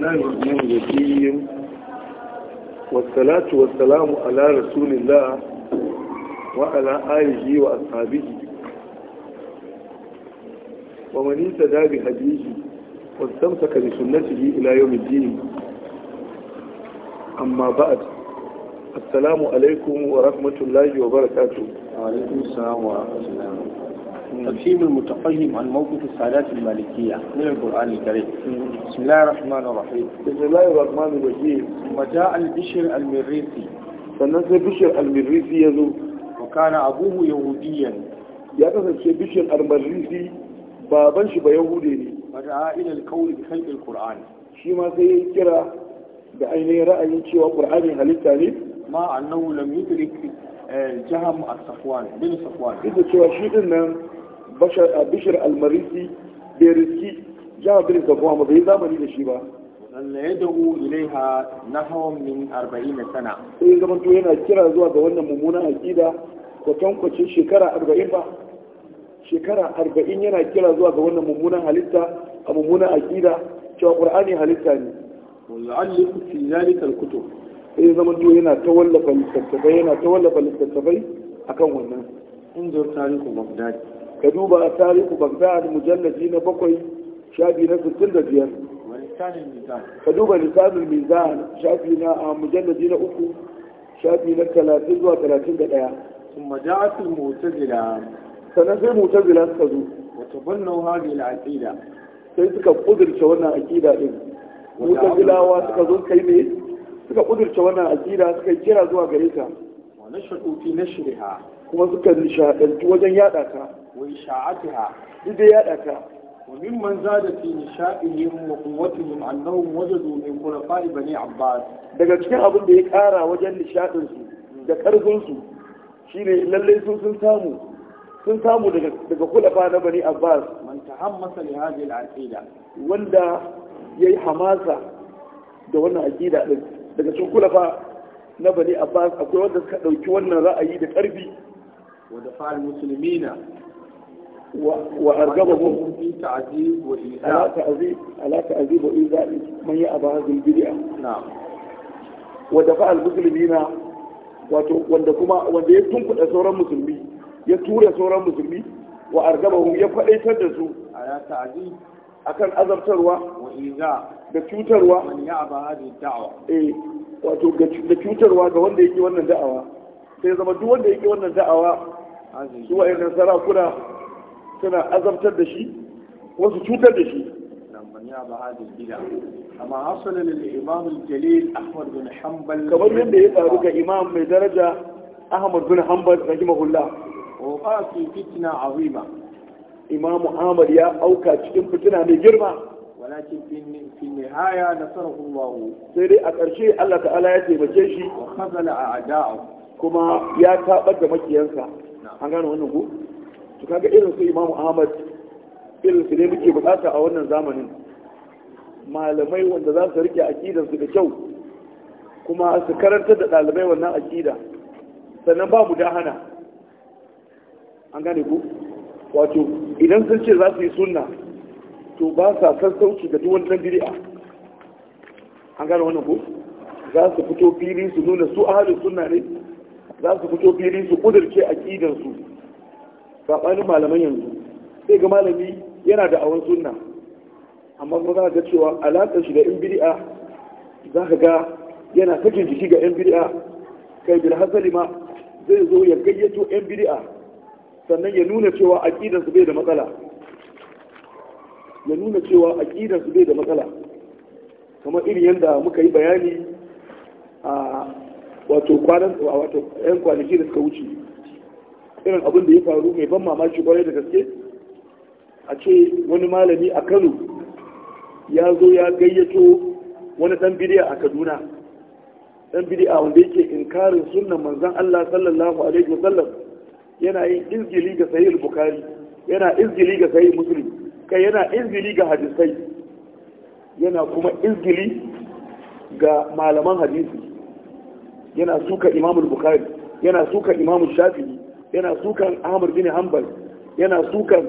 nan yin dabi hadisi wa samsaka bi sunnatihi ila yawmid din amma alaikum wa rahmatullahi wa barakatuh تفهيم المتفهم عن موقف السادات المالكية من القرآن الكريم بسم الله الرحمن الرحيم بسم الله الرحمن الرحيم ثم جاء البشر المريسي فنزل بشر المريسي يزو وكان أبوه يهوديا يا كسر بشر المريسي بابنش بيهودي ne fada'a ila alqawl bi khalqi alquran shi ma sai kira da ainihin ra'ayin cewa qur'ani halitta ne ma annahu lam yudrik jaham as-safwan bin safwan ita cewa shi din nan bashir almarisi bai riski jihar birnin safuwa ba bai zamani da shi ba Allah ya dahu ilaiha na hawan min arba'in sana sai zaman to yana kira zuwa ga wannan mummunan aƙida kwatankwacin shekara arba'in ba shekara arba'in yana kira zuwa ga wannan mummunan halitta a mummunan aƙida cewa ƙur'ani halitta ne fi والعلم في ذلك الكتب إذا زمن جو littattafai تولف الاستفتفي هنا تولف الاستفتفي أكون انظر تاريخ بغداد كذوبة تاريخ بغداد مجلدين بقوي شابينا في كل ديان كذوبة لسان الميزان شابينا مجلدين أكو شابينا ثلاثين وثلاثين دقيا ثم جاءت المتزلة سنزل المتزلة كذوب وتبنوا هذه العقيدة كيف تقدر تشونا عقيدة المتزلة وتقدر كيف تقدر تشونا عقيدة كيف تجرى زوا غريكا ونشرق في نشرها كما تقدر نشاهد وجن يادا كذوب wa isha'atiha duk da ya daka wa mimman zada fi nisha'ihim wa quwwatihim annahum wajadu min khulafa'i bani abbas daga cikin abin da ya kara wajen nishadin su da karfin su shine lalle sun samu sun samu daga daga khulafa na bani abbas man tahammasa li hadhihi al-aqida wanda yayi hamasa da wannan aqida daga cikin na bani akwai wanda suka ɗauki wannan ra'ayi da karfi wa da وأرغبهم في تعذيب وإيذاء على تعذيب على تعذيب وإيذاء من يأبى هذه البدعة نعم ودفع المسلمين wato wanda kuma wanda ya tunkuɗa sauran musulmi ya tura على تعذيب wa argabahum ya faɗaitar da su akan azabtarwa da cutarwa eh wato da cutarwa ga wanda yake wannan da'awa sai zama duk wanda yake wannan da'awa su wa'annan sarakuna suna azabtar da shi wasu cutar da shi amma hasala jalil ahmad bin kamar yadda ya faru ga imam mai daraja ahmad bin hanbal rahimahullah wa fa fi fitna azima imam ahmad ya auka cikin fitina mai girma walakin fi nihaya nasarahu allah sai dai a ƙarshe Allah ta'ala ya taimake shi wa kuma ya tabar da makiyansa an gano wannan ku to kaga irin su imamu ahmad irin su ne muke bukata a wannan zamanin malamai wanda za su rike akidar su da kyau kuma su karanta da ɗalibai wannan akida sannan ba mu da hana an gane ku wato idan sun ce za su yi sunna to ba sa sassauci da duk wannan bid'a an gane wannan ku za su fito fili su nuna su ahalin sunna ne za su fito fili su kudurce akidar su sabanin malaman yanzu sai ga malami yana da awon sunna amma kuma za ga cewa alaƙar shi da yan bid'a za ka ga yana sakin jiki ga yan bid'a kai bil hasali ma zai zo ya gayyato yan bid'a sannan ya nuna cewa aqidar su bai da matsala ya nuna cewa aqidar su bai da matsala kamar irin yadda muka yi bayani a wato kwanan wato yan kwanaki da suka wuce irin abin da ya faru mai ban mamaki kwarai da gaske a ce wani malami a kano ya zo ya gayyato wani dan bidiya a kaduna dan bidiya wanda yake inkarin sunan manzon Allah sallallahu alaihi wasallam yana yin izgili ga sahih bukhari yana izgili ga sahih muslim kai yana izgili ga hadisai yana kuma izgili ga malaman hadisi yana suka imamul bukhari yana suka imamul shafi'i yana sukan ahmad bin hanbal yana sukan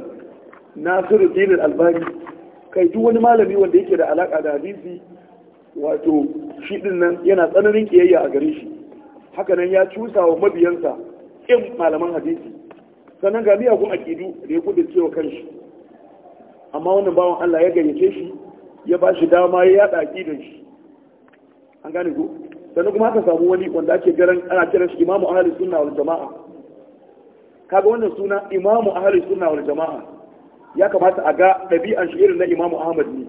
nasiru dinin albani kai duk wani malami wanda yake da alaka da hadisi wato shi din nan yana tsananin kiyayya a gare shi Haka nan ya cusa wa mabiyansa in malaman hadisi sannan ga miyagun akidu da ya kudin cewa kanshi amma wannan bawan Allah ya gayyace shi ya ba shi dama ya yada akidan shi an gane ko sannan kuma haka samu wani wanda ake garan ana kiran shi imamu ahli sunna wal jama'a kaga wannan suna imamu ahlus sunna wal jama'a ya kamata a ga ɗabi'an shi irin na imamu ahmad ne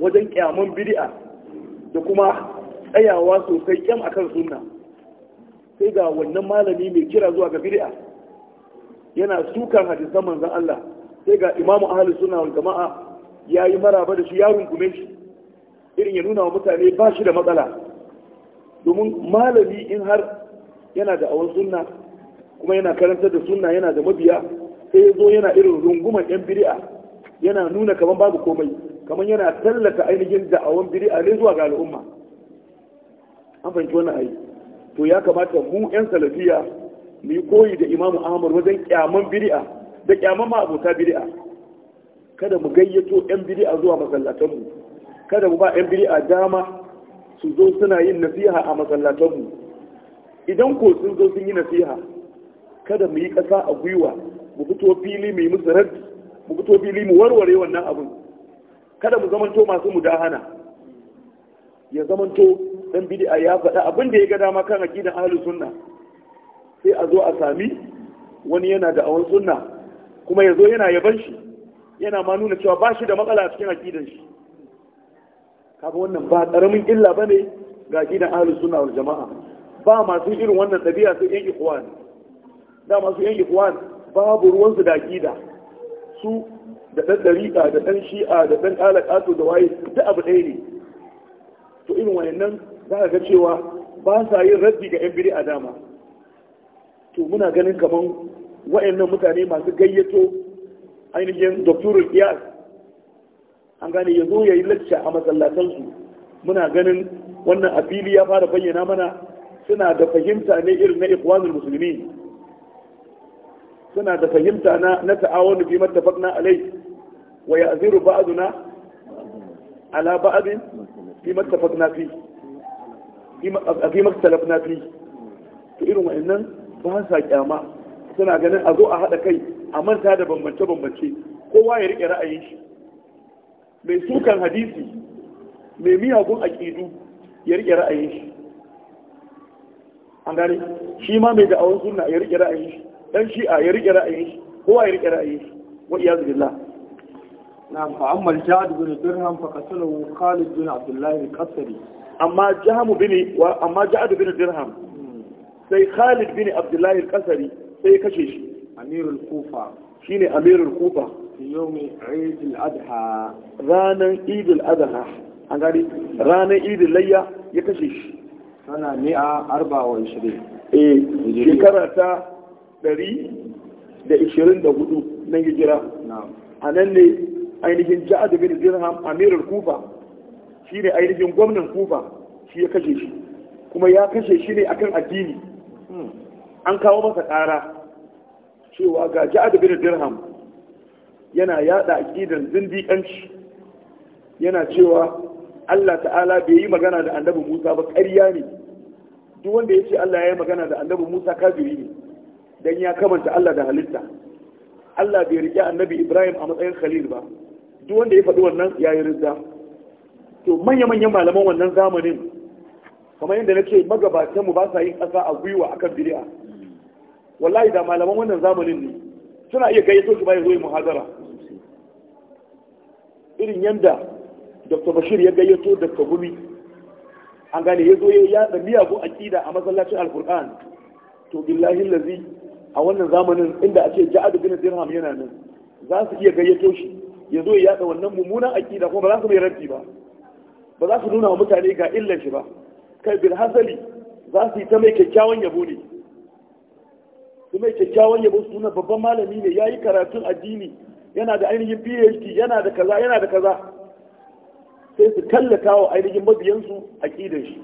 wajen ƙyaman bid'a da kuma tsayawa sosai kyam akan sunna sai ga wannan malami mai kira zuwa ga bid'a yana sukan hadisan manzon Allah sai ga imamu ahlus sunna wal jama'a yayi maraba da shi ya rungume shi irin ya nuna wa mutane ba shi da matsala domin malami in har yana da awon sunna kuma yana karantar da sunna yana da mabiya sai ya zo yana irin runguman yan biri'a yana nuna kamar babu komai kaman yana tallata ainihin da'awan biri'a ne zuwa ga al'umma an fahimci wannan ayi to ya kamata mu yan salafiya mu yi koyi da imamu ahmad wajen kyaman biri'a da kyaman ma abota biri'a kada mu gayyato yan biri'a zuwa masallatanmu kada mu ba yan biri'a dama su zo suna yin nasiha a masallatanmu idan ko sun zo sun yi nasiha kada mu yi ƙasa a gwiwa mu fito fili mu yi musu raddi mu fito fili mu warware wannan abin kada mu zamanto masu mudahana ya zamanto dan bid'a ya faɗa abin da ya ga dama kan aqidan ahlus sunna sai a zo a sami wani yana da awon sunna kuma ya zo yana yaban shi yana ma nuna cewa ba shi da matsala a cikin aqidan shi kaga wannan ba karamin illa bane ga aqidan ahlus sunna wal jama'a ba masu irin wannan tabi'a sai yan ikhwan da masu yan ikwan babu ruwansu da akida su da ɗan ɗariƙa da ɗan shi'a da ɗan ƙalaƙato da waye duk abu ɗaya ne to irin wayannan za ka ga cewa ba sa yin raddi ga yan biri a dama to muna ganin kaman wayannan mutane masu gayyato ainihin doktorul iyas an gane ya zo ya yi lacca a masallatansu muna ganin wannan a fili ya fara bayyana mana suna da fahimta ne irin na ikwanul musulmi suna da fahimta na na ta'awunu bi mattafaqna alai wa ya'ziru ba'duna ala ba'din bi mattafaqna fi bi maktalafna fi to irin wa'annan ba sa kyama suna ganin a zo a hada kai a manta da bambance bambance kowa ya rike ra'ayin shi mai sukan hadisi mai miyagun aƙidu ya rike ra'ayin shi an gane shi ma mai da'awun sunna ya rike ra'ayin shi dan shi'a ya rike ra'ayin shi kowa ya rike ra'ayin shi wa iyaz billah khalid bin amma bin wa amma bin sai khalid bin sai kashe shi amirul kufa shine amirul kufa yawmi adha an gari Ranar eid layya ya kashe shi sana a arba wa ishirin eh, shekara ta ɗari da ishirin na hijira a nan ne ainihin ja'ad bin dirham amirar kufa shi ne ainihin gwamnan kufa shi ya kashe shi kuma ya kashe shi ne akan addini hmm. an kawo masa ƙara cewa ga ja'ad bin dirham yana yada aqidan zindiƙanci yana cewa Allah ta'ala bai yi magana da annabi Musa ba ƙarya ne duk wanda ya ce Allah ya yi magana da annabi Musa kafiri ne dan ya kamanta Allah da halitta Allah bai riƙe annabi Ibrahim a matsayin khalil ba duk wanda ya faɗi wannan ya yi rizza to manya-manyan malaman wannan zamanin kamar yadda na ce magabatan mu ba sa yin ƙasa a gwiwa akan biri'a. wallahi da malaman wannan zamanin ne suna iya gayyato shi ya zo muhazara irin yadda dr bashir ya gayyato dr gumi an gane ya zo ya yaɗa miyagun aƙida a masallacin alkur'an to billahi lazi a wannan zamanin inda a ce ja'adu bin dirham yana nan za su iya gayyato shi ya zo ya yada wannan mummunan akida kuma ba za su mai rabbi ba ba za su nuna wa mutane ga illan shi ba kai bil hasali za su yi ta mai kyakkyawan yabo ne su mai kyakkyawan yabo su nuna babban malami ne yayi yi karatun addini yana da ainihin phd yana da kaza yana da kaza sai su tallata wa ainihin mabiyansu akidan shi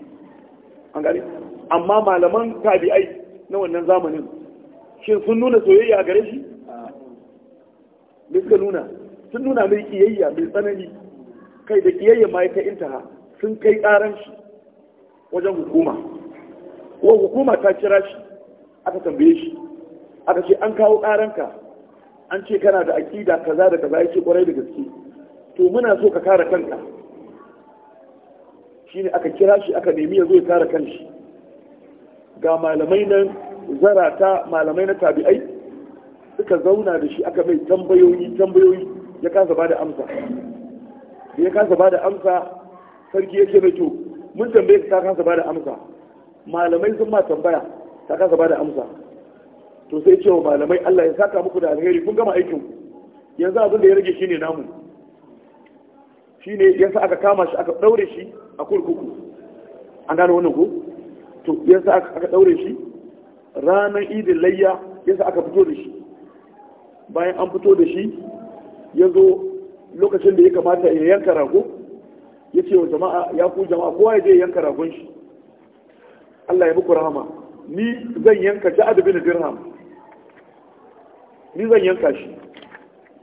an gane amma malaman tabi'ai na wannan zamanin shin sun nuna soyayya a gare shi suka nuna sun nuna mai kiyayya mai tsanani kai da kiyayya ma ya intaha sun kai karan shi wajen hukuma ko hukuma ta kira shi aka tambaye shi aka ce an kawo karanka an ce kana da aƙida kaza da kaza yake kwarai da gaske to muna so ka kare kanka shine aka kira shi aka nemi ya zo ya kare kanshi ga malamai nan zarata malamai na tabi'ai suka zauna da shi aka mai tambayoyi tambayoyi ya kasa ba da amsa ya kasa ba da amsa sarki ya ce mai to mun tambaye ta kasa ba da amsa malamai sun ma tambaya ta kasa ba da amsa to sai cewa malamai Allah ya saka muku da alheri kun gama aikin yanzu abin da ya rage shine namu shine yasa aka kama shi aka daure shi a kurkuku an gano wannan ko to yasa aka daure shi ranar idin layya yasa aka fito da shi bayan an fito da shi ya zo lokacin da ya kamata ya yanka rago ya ce wa jama'a ya ku jama'a kowa ya je yanka ragon shi Allah ya muku rahama ni zan yanka ja'ad bin dirham ni zan yanka shi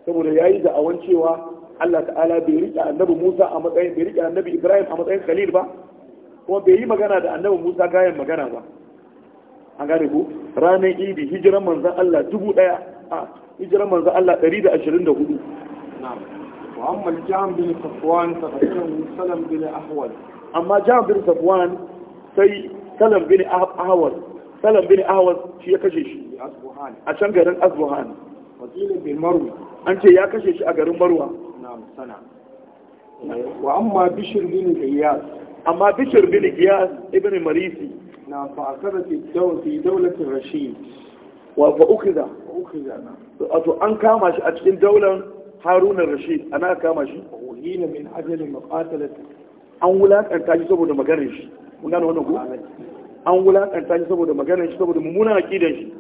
saboda yayi da awan cewa Allah ta'ala bai rike annabi Musa a matsayin bai rike annabi Ibrahim a matsayin khalil ba kuma bai yi magana da annabi Musa gayan magana ba A gane ku ranar idi hijiran manzan Allah dubu 1000 a hijiran manzan Allah da da ashirin 124 amma jam bin safwan sai salam bin ahwal salam bin ahwal shi ya kashe shi a can garin azbuhan wajilin bin marwa an ce ya kashe shi a garin marwa wa amma bishir bin giyas amma bishir bin giyas ibn marisi na fa'akaza fi daulatin rashid wa fa'ukiza wato an kama shi a cikin daular harunan rashid ana kama shi wahina min ajalin maqatalati an wulakanta shi saboda maganar shi kun gane wannan ku an wulakanta shi saboda maganar shi saboda mummunan aqidar shi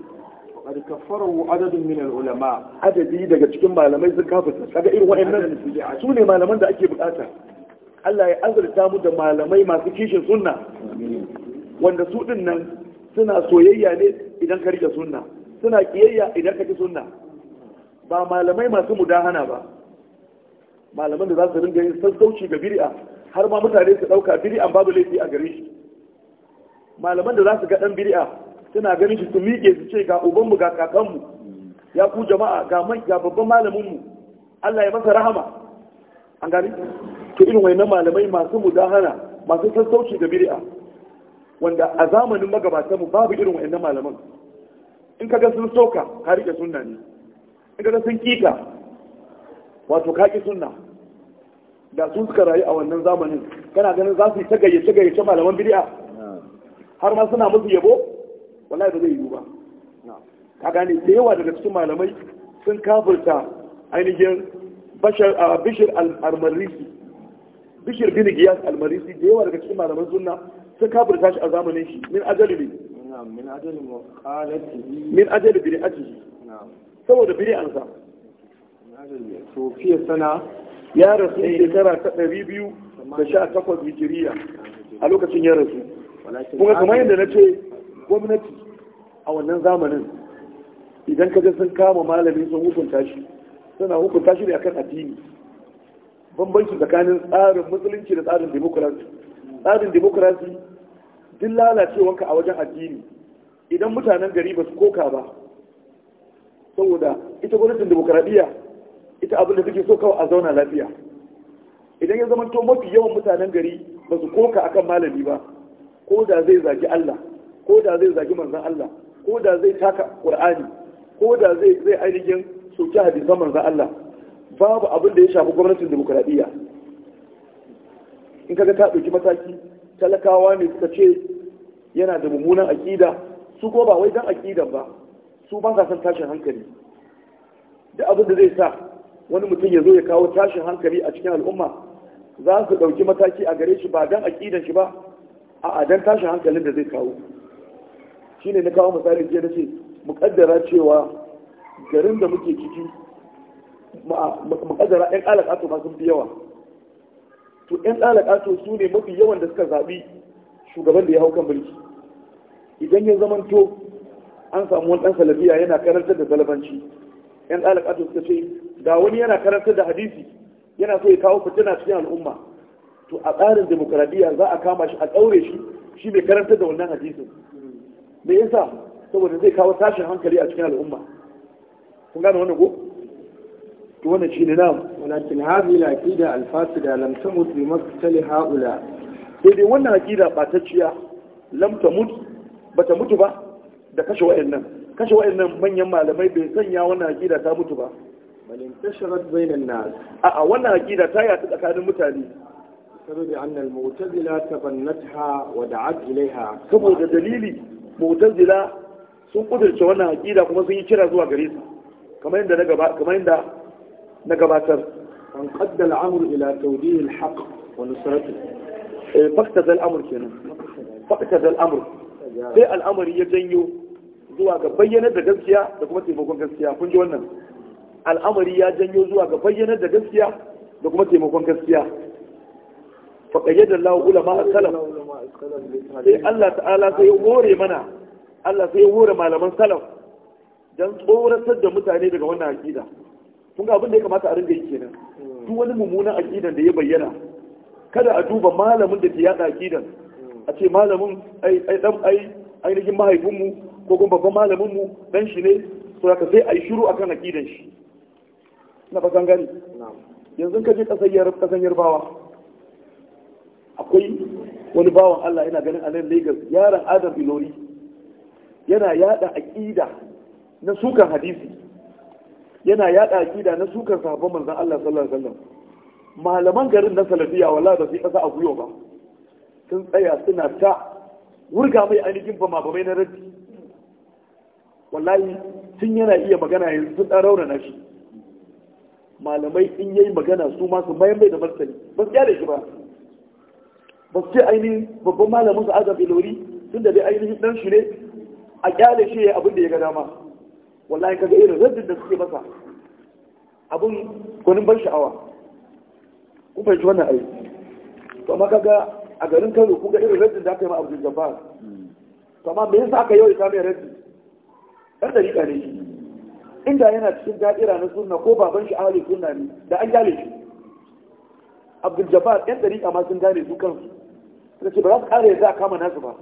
qad kaffarahu adadun min ulama adadi daga cikin malamai sun kafirta kaga irin wayannan su ne malaman da ake bukata Allah ya azurta mu da malamai masu kishin sunna wanda su din nan suna soyayya ne idan ka rike sunna suna kiyayya idan ka ci sunna ba malamai masu mudahana ba malaman da za su ringa yin sassauci ga biri'a, har ma mutane su dauka biri'an babu laifi a gare shi malaman da za su ga dan bid'a suna ganin shi su miƙe su ce ga ubanmu ga kakanmu ya ku jama'a ga mai ga babban malamin mu Allah ya masa rahama an gani to irin wayannan malamai masu mudahana masu sassauci ga biri'a. wanda a zamanin magabatan mu babu irin wa'annan malaman in kaga sun soka ka rike sunna ne in kaga sun kika wato ka ki sunna da sun suka rayu a wannan zamanin kana ganin za su yi ta gayyace gayyace malaman bid'a har ma suna musu yabo wallahi ba zai yiwu ba ka gane da yawa daga cikin malamai sun kafirta ainihin bishir al-marisi bishir bin giyas al-marisi da yawa daga cikin malaman sunna sun kafirta shi a zamanin shi min ajali ne min ajali bi min ajali bid'atihi saboda sa to fiye sana ya rasu shekara ta ɗari biyu da sha takwas hijiriya a lokacin ya rasu kuma kamar yadda na ce gwamnati a wannan zamanin idan ka ga sun kama malami sun hukunta shi suna hukunta shi ne akan addini bambanci tsakanin tsarin musulunci da tsarin demokurasi tsarin demokrasi duk lalacewanka a wajen addini idan mutanen gari ba su koka ba saboda ita gwamnatin demokradiyya ita abin da take so kawai a zauna lafiya idan ya zamanto mafi yawan mutanen gari ba su koka akan malami ba ko da zai zagi Allah ko da zai zagi manzan Allah ko da zai taka ƙur'ani, ko da zai zai ainihin soki hadisan manzan Allah babu abin da ya shafi gwamnatin demokradiyya in kaga ta ɗauki mataki talakawa ne suka ce yana da mummunan aƙida su ko ba wai dan aƙidan ba su ba ka son tashin hankali Da abin da zai sa wani mutum ya zo ya kawo tashin hankali a cikin al'umma za su ɗauki mataki a gare shi ba dan aƙidan shi ba a dan tashin hankalin da zai kawo shine na kawo misali jiya na ce muƙaddara cewa garin da muke ciki muƙaddara 'yan alaƙa su ma sun fi yawa to yan ɗalaƙato su ne mafi yawan da suka zaɓi shugaban da ya hau kan mulki idan ya zamanto an samu wani ɗan salafiya yana karantar da salafanci yan ɗalaƙato suka ce da wani yana karantar da hadisi yana so ya kawo fitina cikin al'umma to a tsarin demokaradiyya za a kama shi a ɗaure shi shi mai karantar da wannan hadisin me yasa saboda zai kawo tashin hankali a cikin al'umma kun gane wannan ko to wannan shine na'am walakin hadhihi al-aqida al-fasida lam tamut bi maqtali haula sai dai wannan aqida batacciya lam tamut mutu ba da kashe wayannan kashe wayannan manyan malamai bai sanya wannan aqida ta mutu ba bal intasharat bainan nas a a wannan aqida ta yaɗu tsakanin mutane saboda anna al-mu'tazila tabannatha wa da'at ilaiha saboda dalili mu'tazila sun kudurce wannan aqida kuma sun yi kira zuwa gare su yadda na gaba yadda na gabatar an qaddal amr ila tawdih al haqq wa nusrati eh faqtada al kenan fakta al amr sai al'amari ya janyo zuwa ga bayyanar da gaskiya da kuma taimakon gaskiya kun ji wannan al'amari ya janyo zuwa ga bayyanar da gaskiya da kuma taimakon gaskiya faƙayyadar lawa ulama a Salam sai Allah ta'ala sai hore mana Allah sai hore malaman Salam don tsoratar da mutane daga wannan aƙida kun ga abin da ya kamata a ringa yi kenan duk wani mummunan aqidan da ya bayyana kada a duba malamin da ke yada aqidan a ce malamin ai ai dan ai ainihin mahaifinmu ko kuma babban malamin mu dan shi ne to haka sai ai shiru akan aqidan shi na ba gani yanzu ka je kasar yarab kasar yarbawa akwai wani bawan Allah yana ganin a nan Lagos yaron Adam Ilori yana yada aqida na sukan hadisi yana yada akida na sukan sahabban manzon Allah sallallahu alaihi wasallam malaman garin na salafiya wallahi ba su kasa a guyo ba sun tsaya suna ta wurga mai ainihin ba mabamai na raddi wallahi tun yana iya magana yanzu sun ɗan raunana shi malamai in yayi magana su masu bayan bai da martani ba su da shi ba ba su ce ainihin babban malamin su azab ilori tun da dai ainihin dan shi ne a kyale shi ya abin da ya ga dama wallahi kaga irin rajin da suke masa abun gwanin ban sha'awa ku fahimci wannan aiki to amma kaga a garin Kano kuga irin rajin da aka yi ma Abdul ba to amma me yasa aka yawaita mai ɗan da dariƙa ne shi inda yana cikin da'ira na sunna ko baban shi ahli sunna ne da an gane shi Abdul Jabbar yan dariƙa ma sun gane su kansu ce ba za su ƙara yadda kama nasu ba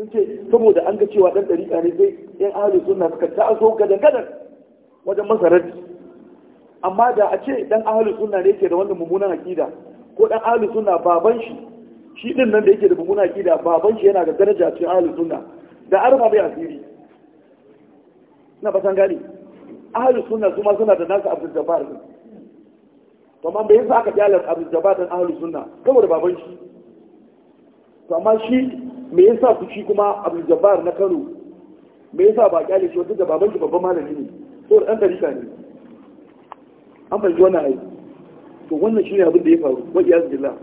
sun ce saboda an ga cewa dan dariƙa ne sai yan ahli sunna suka taso gadan gadan wajen masarar amma da a ce dan ahli sunna ne yake da wannan mummunan akida ko dan ahli sunna baban shi shi din nan da yake da mummunan akida baban shi yana da daraja a cikin ahli sunna da arba bai asiri na fatan gani ahli sunna su ma suna da nasu abdul jabbar to amma bai sa aka jalar abdul jabbar dan ahli sunna saboda baban shi to amma shi me yasa ku shi kuma abin Jabbar na Kano me yasa ba kyale shi wata da babban malami ne ko dan tarika ne an bai wannan ai to wannan shine abin da ya faru wa iyaz billah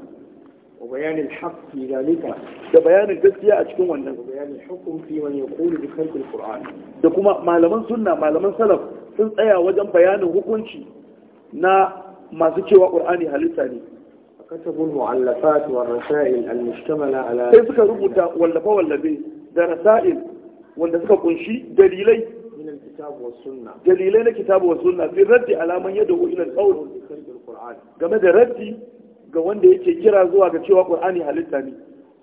wa bayan al-haq dalika da bayanin gaskiya a cikin wannan bayanin hukum fi man yaqulu bi khalqi al-Qur'an da kuma malaman sunna malaman salaf sun tsaya wajen bayanin hukunci na masu cewa Qur'ani halitta ne وكتبوا المعلفات والرسائل المشتملة على sai suka rubuta wallafa wallafe da rasail wanda suka kunshi dalilai من الكتاب والسنة دليلين الكتاب والسنة في الرد على من يدعو إلى ga wanda yake kira zuwa ga cewa Qur'ani halitta ne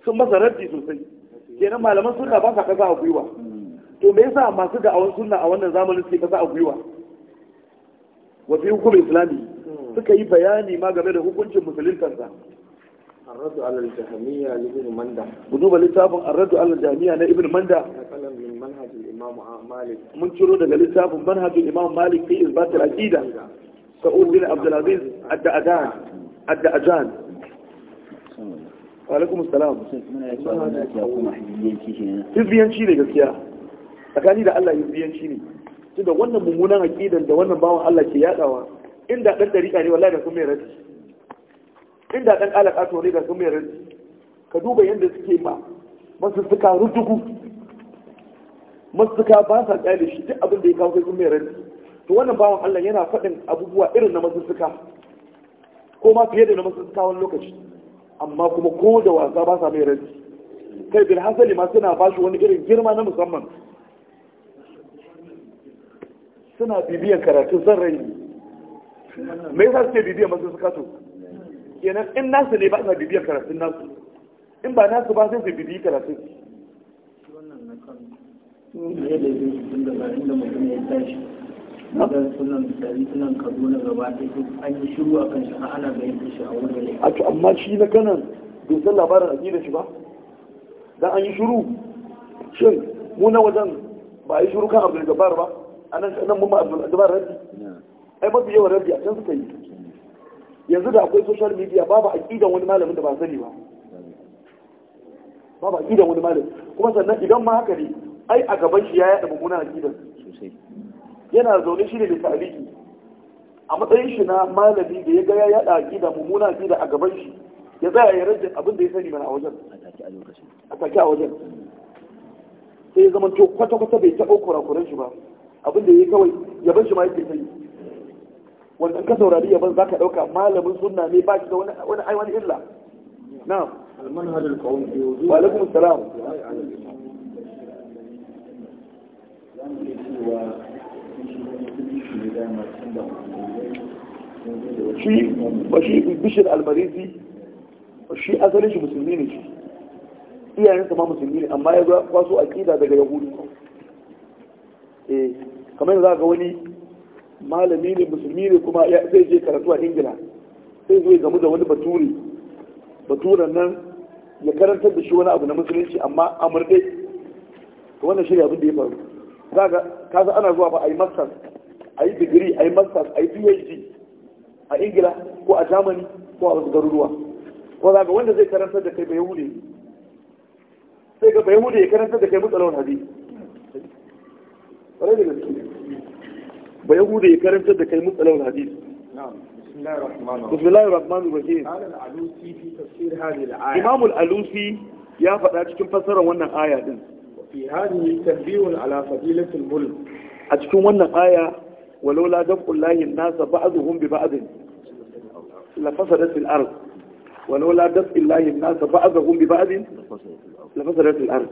sun masa raddi sosai kenan malaman sunna ba sa kasa a gwiwa to me yasa masu da'awar sunna a wannan zamanin suke kasa a gwiwa wa fi hukumar islami suka yi bayani ma da hukuncin musulun kansa. Arradu alal jahamiya na Ibn Manda. Budu ba littafin Arradu alal jahamiya na Ibn Manda. Mun ciro daga littafin manhajin Imam Malik fi isbatar aqida. Sa'ud bin Abdulaziz Adda'adan. Adda'adan. Wa alaikum salam. Tizbiyanci ne gaskiya. Tsakani da Allah yi tizbiyanci ne. Tunda wannan mummunan aqidan da wannan bawan Allah ke yadawa inda dan dariƙa ne wallahi da sun mai raddi inda dan to ne da sun mai raddi ka duba yadda suke ma masu suka rujugu masu suka ba sa tsaya shi duk abin da ya kawo sai sun mai raddi to wannan bawan Allah yana faɗin abubuwa irin na masu suka ko ma fiye da na masu suka wani lokaci amma kuma ko da wasa ba sa mai raddi kai bil hasali ma suna ba shi wani irin girma na musamman suna bibiyan karatun zan rai me yasa suke bibiyar masu su kato kenan in nasu ne ba ina bibiyar karatun nasu in ba nasu ba sai su bibiyi karatun a to amma shi na kanan bai san labarin aƙidar shi ba dan an yi shuru shin mu wajen ba a yi shuru kan abu da gabar ba anan nan mun ma da gabar rabbi ai mafi yawan rabi a can suka yi yanzu da akwai social media babu aƙidan wani malamin da ba sani ba babu aƙidan wani malamin kuma sannan idan ma haka ne ai a gaban shi ya yaɗa mummunan aƙidan yana zaune shi ne da tariki a matsayin shi na malami da ya ga ya yaɗa aƙida mummunan aƙida a gaban shi ya tsaya ya rajin abin da ya sani mana a wajen a take a wajen sai ya zama to kwata-kwata bai taɓa kurakuran shi ba abin da ya yi kawai ya bar shi ma yake sani wanda ka saurari yaban za ka ɗauka malamin sunna ne ba shi da wani aiwani illa na wa alaikum salam shi ba shi bishir almarisi shi asalin shi musulmi ne shi iyayensa ma musulmi ne amma ya kwaso aƙida daga yahudu eh, kamar yanzu za ga wani malami ne musulmi ne kuma zai je karatu a ingila sai zai gamu da wani bature baturen nan ya karantar da shi wani abu na musulunci amma amurɗe to wannan shirya abin da ya faru kaga kaza ana zuwa ba a yi masters a yi digiri a yi masters a yi phd a ingila ko a germany ko a wasu garuruwa ko zaga wanda zai karantar da kai bai hude sai ga bai hude ya karantar da kai matsalawar hadi ƙwarai da gaske ba yahuda ya karantar da kai mutsalawar hadis بسم الله الرحمن الرحيم قال العلوسي في تفسير هذه الآية إمام العلوسي يا فتاة كم فسر وانا آية دين وفي هذه تنبيه على فضيلة الملك أتكون وانا آية ولولا دفع الله الناس بعضهم ببعض لفسدت الأرض ولولا دفع الله الناس بعضهم ببعض لفسدت الأرض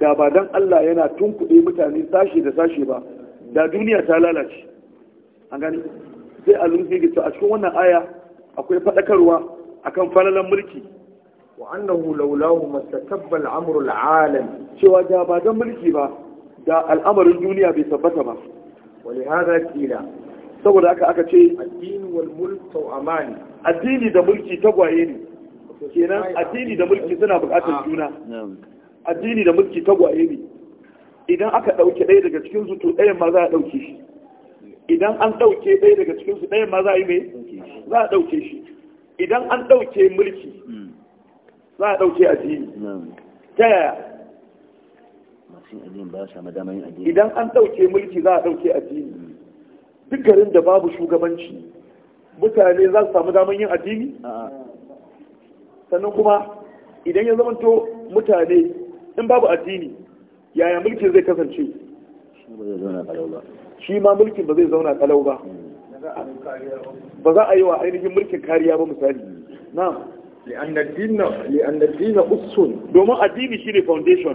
da ba dan Allah yana tunkuɗe mutane sashi da sashi ba da duniya ta lalace an gani sai a lullufi gito a cikin wannan aya akwai faɗakarwa akan falalan mulki wa annahu laulahu mastakabbal amru al'alam cewa da ba dan mulki ba da al'amarin duniya bai tabbata ba li hada kila saboda haka aka ce addini wal mulk amani addini da mulki tagwaye ne kenan addini da mulki suna buƙatar juna addini da mulki tagwaye ne idan aka ɗauke ɗaya daga cikin su to ɗayan ma za a ɗauke shi idan an ɗauke ɗaya daga cikin su ɗayan ma za a yi mai za a ɗauke shi idan an ɗauke mulki za a ɗauke addini ta yaya idan an ɗauke mulki za a ɗauke addini duk garin da babu shugabanci mutane za su samu damar yin addini sannan kuma idan ya zamanto mutane in babu addini yaya mulkin zai kasance shi ma mulkin ba zai zauna kalau ba ba za a yi wa ainihin mulkin kariya ba misali na li'anna dina usun domin addini shine foundation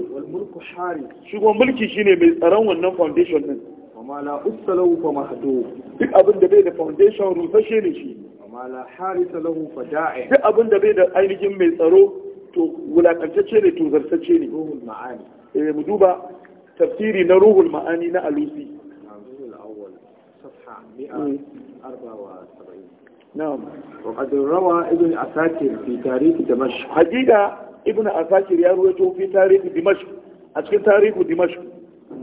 shi kuma mulki shine mai tsaron wannan foundation din amma la usalahu fa mahdu duk abin da bai da foundation rusashe ne shi amma la harisa lahu fa da'i duk abin da bai da ainihin mai tsaro to wulakantacce ne tuzartacce روح المعاني ma'ani تفسيري نروح المعاني tafsiri na ruhul ma'ani na نعم وقد روى ابن أساكر في تاريخ دمشق حقيقة ابن أساكر يروي في تاريخ دمشق أشكال تاريخ دمشق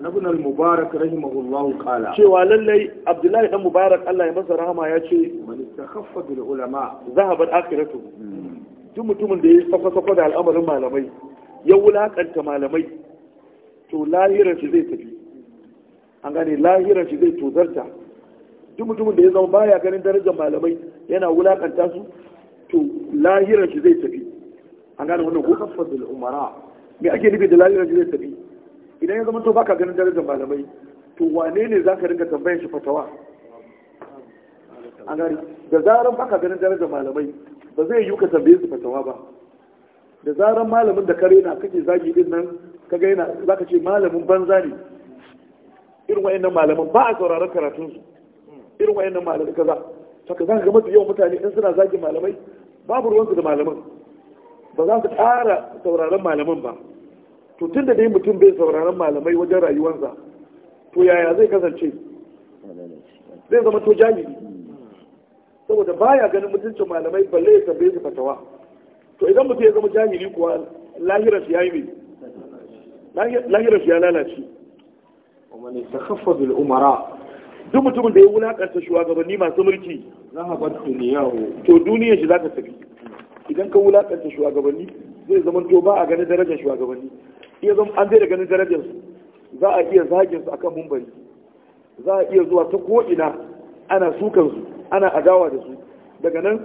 ابن المبارك رحمه الله قال شيء ولله عبد الله بن مبارك الله يمسه رحمه يا شيء من استخف بالعلماء ذهبت آخرته duk mutumin da ya yi sakwa da al'amarin malamai ya wulakanta malamai to lahirar shi zai tafi an gane lahirar shi zai tozarta duk mutumin da ya zama baya ganin darajar malamai yana wulakanta su to lahirar shi zai tafi an gane wannan ko kafar umara me ake nufi da lahirar shi zai tafi idan ya zama to baka ganin darajar malamai to wane ne za ka rinka tambayar shi fatawa an gane da zarar baka ganin darajar malamai ba zai yi ka tambaye su fatawa ba da zaran malamin da kare na kake zagi din nan ga yana zaka ce malamin banza ne irin wayannan malaman ba a sauraron karatun su irin wayannan malamin kaza saka zaka ga mafi yawan mutane in suna zagi malamai babu ruwan su da malaman ba za su ƙara sauraron malaman ba to tun da dai mutum bai sauraron malamai wajen rayuwarsa to yaya zai kasance zai zama to jami'i saboda baya ganin mutuncin malamai balle ya tambaye su fatawa to idan mutum ya zama jahili kuwa lahirar ya yi mai lahirar ya lalace wani ta kafa bil umara duk mutumin da ya wulakanta shugabanni masu mulki zahabat duniyahu to duniyar shi za ta tafi idan ka wulakanta shugabanni zai zama to ba a ganin darajar shugabanni iya zama an da ganin darajar su za a iya zagin su akan mumbari za a iya zuwa ta ko'ina ana sukan su ana adawa da su daga nan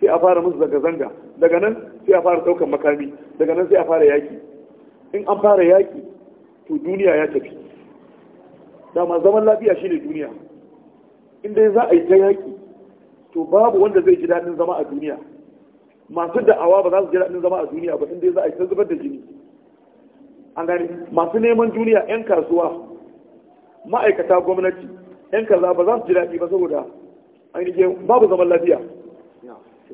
sai a fara musu zanga-zanga daga nan sai a fara daukan makami daga nan sai a fara yaƙi in an fara yaƙi to duniya ya tafi dama zaman lafiya shi ne duniya in dai za a yi ta yaƙi to babu wanda zai ji daɗin zama a duniya masu da'awa ba za su ji daɗin zama a duniya ba inda dai za a yi ta zubar da jini an gani masu neman duniya 'yan kasuwa ma'aikata gwamnati 'yan kaza ba za su ji daɗi ba saboda ainihin babu zaman lafiya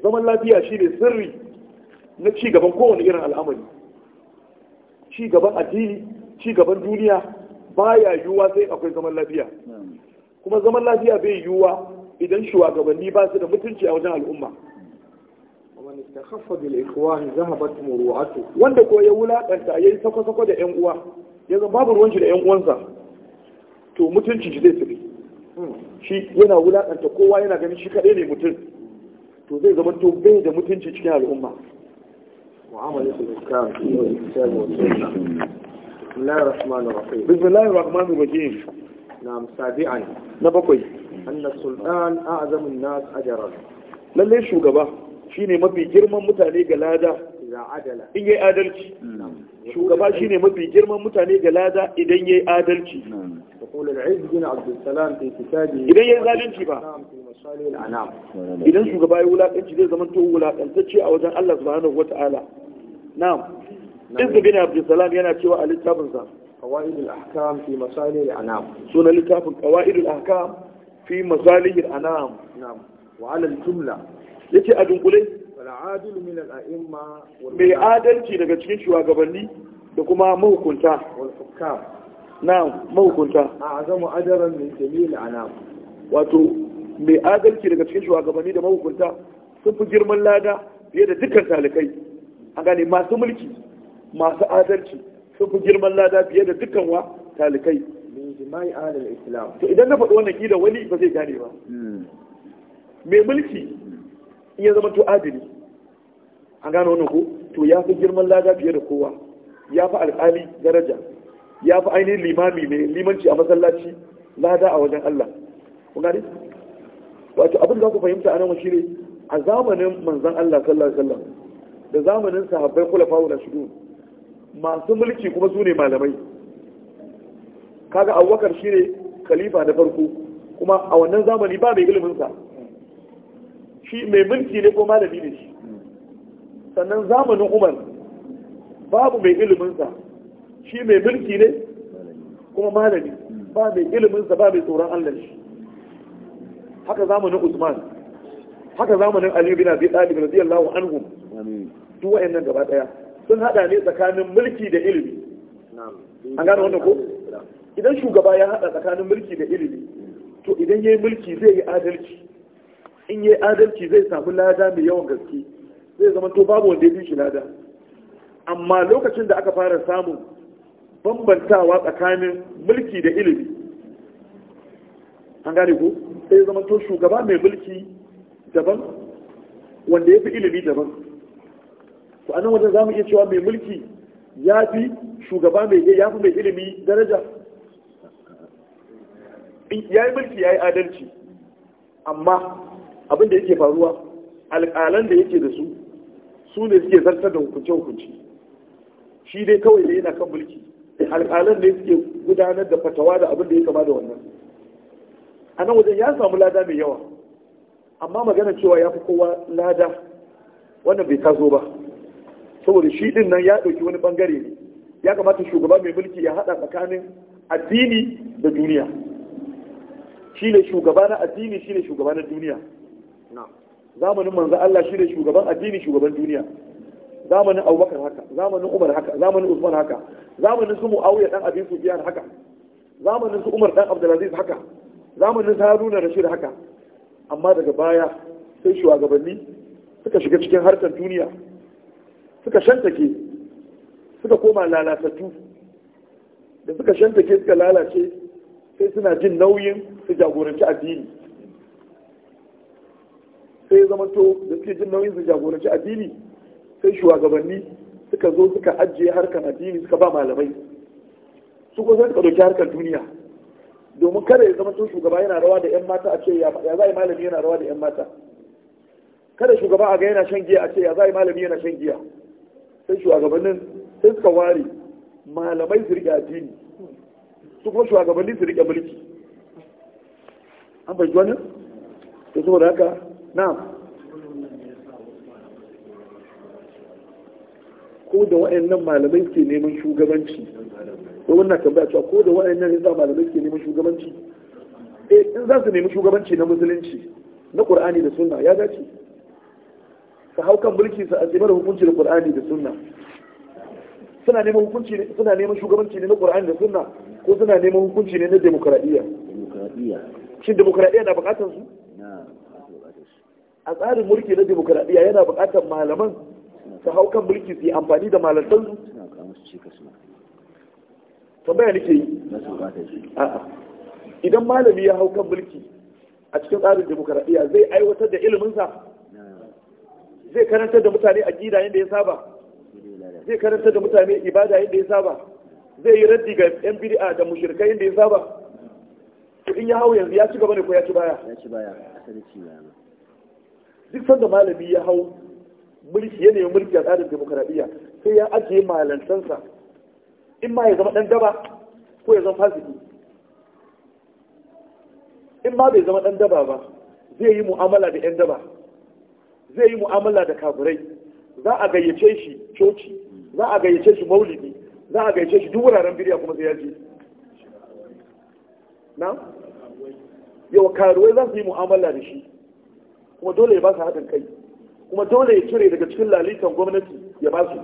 zaman lafiya shi ne sirri na ci gaban kowane irin al'amari ci gaban addini ci gaban duniya ya yiwuwa sai akwai zaman lafiya kuma zaman lafiya bai yiwuwa idan shugabanni ba su da mutunci a wajen al'umma wanda ko ya wulaƙanta ya yi sako-sako da 'yan uwa yanzu babu ruwan shi da 'yan uwansa to mutunci shi zai tafi shi yana wulaƙanta kowa yana ganin shi kaɗai ne mutum to zai zama to da mutuncin cikin al'umma bismillahir rahmanir rahim na'am sabi'an na bakwai anna sultan a'zamun nas ajran lalle shugaba shine mafi girman mutane ga lada in yi adalci shugaba shi ne mafi girman mutane da lada idan yi adalci idan yi zalunci ba idan shugaba ya wulakanci zai zama to wulakantacce a wajen Allah subhanahu wata'ala na'am Ibn bin Abdulsalam yana cewa a littafinsa قواعد الأحكام في مصالح الأنام سنة لتاف قواعد الأحكام في مصالح الأنام نعم وعلى الجملة يتي أدنقلي mai adalci daga cikin shugabanni da kuma mahukunta na mahukunta a azamu ajaran wato mai adalci daga cikin shugabanni da mahukunta sun fi girman lada fiye da dukkan talikai a gane masu mulki masu adalci sun fi girman lada fiye da dukkan wa talikai to idan na faɗi wannan da wani ba zai gane ba hmm. mai mulki iya zama to adali an gano wannan ko to ya fi girman lada fiye da kowa ya fi alƙali daraja ya fi ainihin limami ne limanci a masallaci lada a wajen Allah kuma ne? wato abin da ku fahimta a nan shi ne a zamanin manzon Allah sallallahu alaihi wasallam da zamanin sahabbai na rashidun masu mulki kuma su ne malamai kaga abubakar shi ne khalifa da farko kuma a wannan zamani ba mai ilimin sa shi mai mulki ne ko malami ne shi sannan zamanin umar babu mai iliminsa shi mai mulki ne kuma malami ba mai iliminsa ba mai tsoron allah shi haka zamanin usman haka zamanin aliyu bin na ziyar lawon anhu duk wayannan gaba daya sun hada ne tsakanin mulki da ilimi an gane wannan ko idan shugaba ya hada tsakanin mulki da ilimi to idan ya yi mulki zai yi adalci in yi adalci zai samu lada mai yawan gaske zai zama to babu wanda ya bi shi lada amma lokacin da aka fara samun bambantawa tsakanin mulki da ilimi an gane ko sai zama to shugaba mai mulki daban wanda ya fi ilimi daban to anan wajen za mu iya cewa mai mulki ya fi shugaba mai ya fi mai ilimi daraja ya yi mulki ya yi adalci amma abin da yake faruwa alƙalan da yake da su su ne suke zartar da hukunce-hukunce shi dai kawai da yana kan mulki alƙalan ne suke gudanar da fatawa da abin da ya kama da wannan a nan wajen ya samu lada mai yawa amma magana cewa ya fi kowa lada wannan bai kazo ba saboda shi din nan ya ɗauki wani ɓangare, ne ya kamata shugaba mai mulki ya haɗa tsakanin addini da duniya shi ne shugaba na addini shi ne shugaba na duniya zamanin manzo Allah shi ne shugaban addini shugaban duniya zamanin Abubakar haka zamanin Umar haka zamanin Usman haka zamanin su Muawiya dan Abi Sufyan haka zamanin su Umar dan Abdulaziz haka zamanin Haruna Rashid haka amma daga baya sai shugabanni suka shiga cikin harkar duniya suka shantake suka koma lalatattu da suka shantake suka lalace sai suna jin nauyin su jagoranci addini sai ya zama to da suke jin nauyin su jagoranci addini sai shugabanni suka zo suka ajiye harkar addini suka ba malamai su ko sai suka doki harkar duniya domin kada ya zama to shugaba yana rawa da yan mata a ce ya za malami yana rawa da yan mata kada shugaba a ga yana shan giya a ce ya za malami yana shan giya sai shugabannin sai suka ware malamai su rike addini su kuma shugabanni su rike mulki an bai wani to saboda haka na'am ko da waɗannan malamai ke neman shugabanci ko wannan tambaya cewa ko da waɗannan yasa malamai ke neman shugabanci eh in za su nemi shugabanci na musulunci na qur'ani da sunna ya dace ka hau kan mulki su a tsibar hukunci da qur'ani da sunna suna neman hukunci ne suna neman shugabanci ne na qur'ani da sunna ko suna neman hukunci ne na demokradiyya demokradiyya shin demokradiyya na bukatar su na'am a tsarin mulki na demokuraɗiyya yana buƙatar malaman su hau kan mulki su yi amfani da malantar su tambaya nake yi idan malami ya hau kan mulki a cikin tsarin demokuraɗiyya zai aiwatar da iliminsa zai karantar da mutane a gida yadda ya saba zai karantar da mutane ibada yadda ya saba zai yi raddi ga yan bid'a da mushrikai yadda ya saba to in ya hau yanzu ya ci gaba ne ko ya ci baya ya ci baya asali ci baya duk sanda malami ya hau mulki ya nemi mulki a tsarin demokaradiyya sai ya ajiye malantansa in ma ya zama ɗan daba ko ya zama fasiki in ma bai zama ɗan daba ba zai yi mu'amala da yan daba zai yi mu'amala da kafirai za a gayyace shi coci za a gayyace shi maulidi za a gayyace shi duk wuraren biriya kuma sai ya je na yau karuwai za su yi mu'amala da shi kuma dole ya ba su haɗin kai kuma dole ya cire daga cikin lalitan gwamnati ya ba su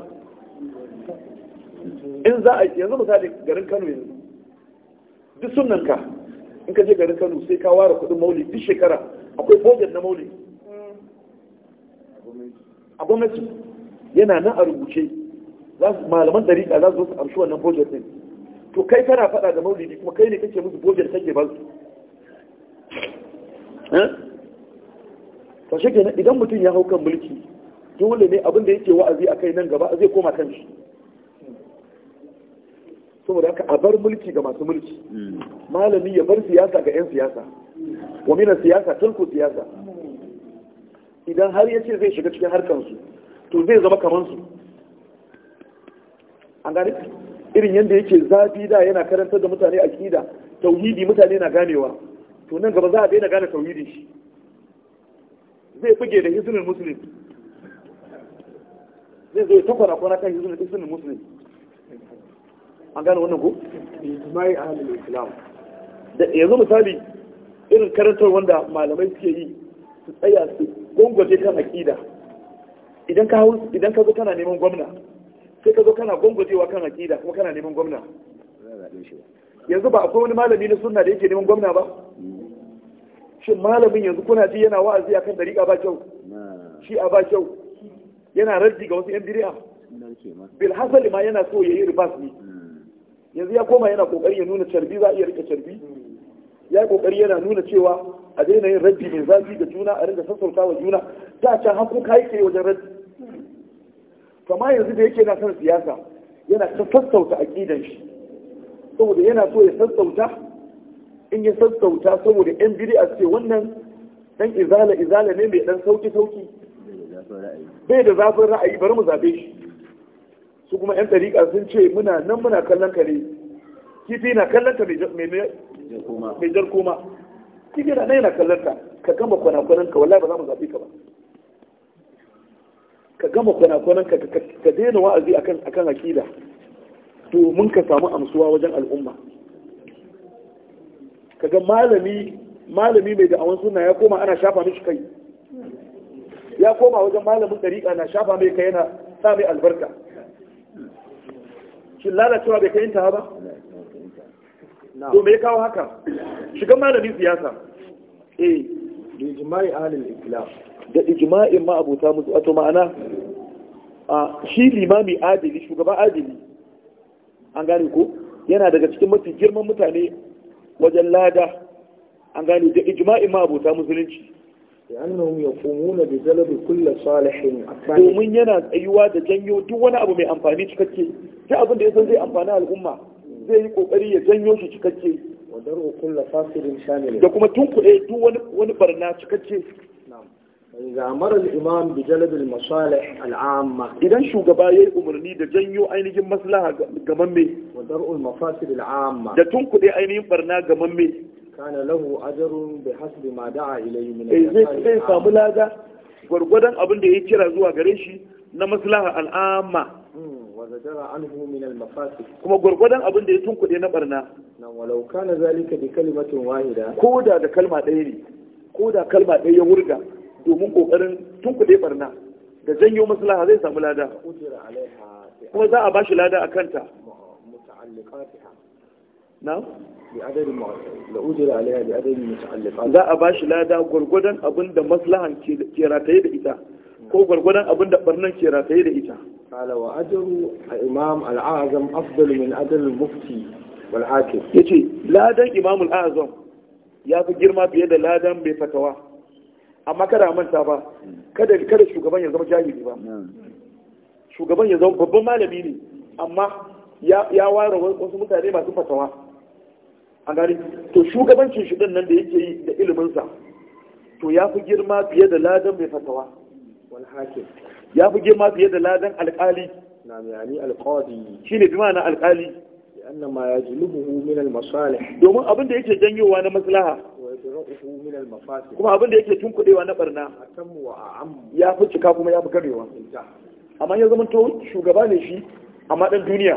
in za a yanzu misali garin kano yanzu duk sunan ka in ka je garin kano sai ka ware kudin mauli duk shekara akwai bogen na mauli a gwamnati yana nan a rubuce malaman dariƙa za su zo su amshi wannan bogen ɗin to kai kana faɗa da maulidi kuma kai ne kake musu bogen kake ba su eh? to shi kenan idan mutum ya hau kan mulki dole ne abin da yake wa'azi a kai nan gaba zai koma kan shi saboda haka a bar mulki ga masu mulki hmm. malami ya bar siyasa ga 'yan siyasa wa minan siyasa tulku siyasa idan har ya ce zai shiga cikin harkansu to zai zama kamar su an gane irin yadda yake zafi da yana karantar da mutane akida tauhidi mutane na ganewa to nan gaba za a daina gane tauhidi shi zai buge da hizmin musulun zai zai ta kwana kwana kan hizinin musulun an gane wannan ko? ijma'i ahalul islam da yanzu misali irin karantar wanda malamai suke yi su tsaya su gwangwaje kan aƙida idan ka idan ka zo kana neman gwamna sai ka zo kana gwangwajewa kan aƙida kuma kana neman gwamna yanzu ba akwai wani malami na sunna da yake neman gwamna ba shin malamin yanzu kuna ji yana wa'azi akan dari ba kyau shi a ba kyau yana raddi ga wasu yan bid'a bil hasali ma yana so yayi ribas ne hmm. yanzu ya koma yana kokari ya nuna carbi za a iya rike carbi ya kokari yana nuna cewa a daina yin raddi mai zafi ga juna a rinka sassauta wa juna da can hanku kai ke wajen raddi kama yanzu da yake na son siyasa yana ta sassauta aqidan shi saboda yana so ya sassauta in ya sassauta saboda yan bid'a ce wannan dan izala izala ne mai dan sauki sauki bai da zafin ra'ayi bari mu zabe shi su kuma yan dariƙa sun ce muna nan muna kallon ka ne kifi na kallon ka mai jar koma kifi na yana kallon ka ka gama kwanakwanan ka wallahi ba za mu zabe ka ba ka gama kwanakwanan ka ka daina wa'azi akan akan akida domin ka samu amsuwa wajen al'umma kaga malami malami mai da'awan suna ya koma ana shafa mishi kai ya koma wajen malamin dariƙa na shafa mai kai yana sa mai albarka shin lalacewa bai kai ta ba to me kawo haka shiga malamin siyasa eh da ijma'i ahlul islam da ijma'in ma abota musu wato ma'ana a shi limami adili shugaba adili an gane ko yana daga cikin mafi girman mutane wajen lada an gane da ijma'i ma abota musulunci لأنهم يقومون بجلب كل صالح domin yana tsayuwa da janyo duk wani abu mai amfani cikakke ta abin da ya san zai amfani al'umma zai yi kokari ya janyo shi cikakke wa daru da kuma tunkuɗe duk wani wani barna cikakke zamar al’imam bi jalabin masalih al'amma idan shugaba ya yi umarni da janyo ainihin maslaha ga mamme wa dar'ul mafasid al'amma da tun kuɗe ainihin barna ga mamme kana lahu ajrun bi hasbi ma da'a ilayhi min al-masalih zai samu lada gwargwadon abin da ya kira zuwa gare shi na maslaha al'amma wa zajara anhu min al kuma gwargwadon abin da ya tun kuɗe na barna nan walau kana zalika da kalmatin wahida koda da kalma ɗaya ne koda kalma ɗaya ya wurga domin kokarin tunkuɗe barna da janyo maslaha zai samu lada kuma za a ba shi lada a kanta na? za a ba shi lada gwargwadon abin da maslahan ke rataye da ita ko gwargwadon abin da barnan ke rataye da ita قال وأجر الإمام الأعظم أفضل من أجر المفتي والحاكم يجي لا دا إمام الأعظم يا girma fiye بيد لا mai بفتوى amma kada a manta ba kada kada shugaban ya zama jahili ba shugaban ya zama babban malami ne amma ya ware wasu mutane masu fatawa a gani to shugabancin shi nan da yake yi da iliminsa to ya fi girma fiye da ladan mai fatawa ya fi girma fiye da ladan alkali shi ne bima na alkali domin abin da yake janyowa na maslaha kuma abin da yake tunkuɗewa na barna ya fi cika kuma ya fi karewa amma ya zama to shugaba ne shi amma madan duniya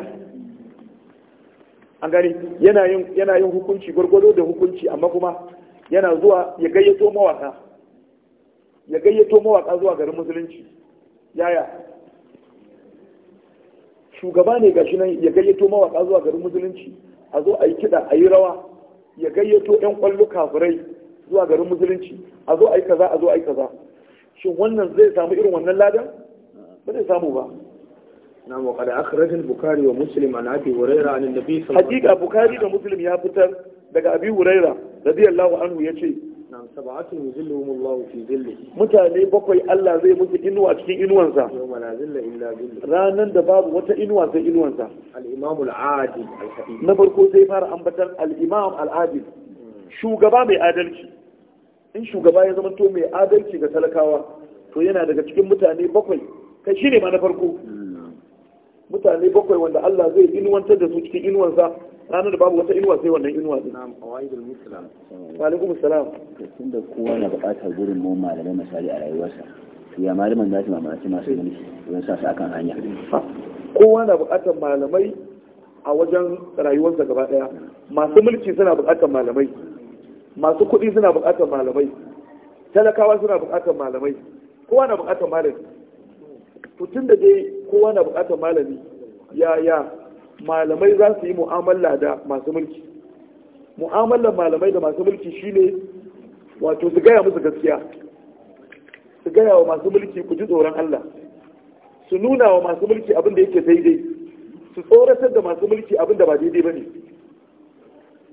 an gani yana yin hukunci gwargwado da hukunci amma kuma yana zuwa ya gayyato mawaka ya gayyato mawaka zuwa garin musulunci yaya shugaba ne gashi nan ya gayyato mawaka zuwa garin musulunci a zo a yi kiɗa a yi rawa ya gayyato yan kwallo kafirai zuwa garin musulunci a zo ai kaza a zo ai kaza shin wannan zai samu irin wannan ladan ba zai samu ba na وقد أخرج البخاري ومسلم عن أبي هريرة عن النبي صلى الله عليه hakika حقيقة da ومسلم ya fitar daga abi huraira radiyallahu anhu yace nam sab'atun yuzilluhum Allah fi zilli mutane bakwai Allah zai musu inuwa cikin inuwansa yawma la zilla illa zilli ranan da babu wata inuwa sai inuwansa al-imam al-adil al-hakim na farko sai fara ambatar al-imam al-adil shugaba mai adalci in shugaba ya zama to mai adalci ga talakawa to yana daga cikin mutane bakwai kai shine ma na farko hmm. mutane bakwai wanda Allah zai inuwantar da su cikin inuwansa ranar da babu wata inuwa sai wannan inuwa din na'am qawaidul muslim wa alaikum salam tunda kowa na buƙatar gurin mu malamai misali a rayuwarsa ya malaman da su mamaci masu mulki don sa su akan hanya kowa na buƙatar malamai a wajen rayuwarsa gaba ɗaya masu mulki suna buƙatar malamai masu kuɗi suna buƙatar malamai talakawa suna buƙatar malamai kowa na buƙatar malami to tun da dai kowa na buƙatar malami ya ya malamai za su yi mu'amala da masu mulki mu'amalar malamai da masu mulki shine wato su gaya musu gaskiya su gaya wa masu mulki ku ji tsoron Allah su nuna wa masu mulki abin da yake daidai su tsoratar da masu mulki abin da ba daidai ba ne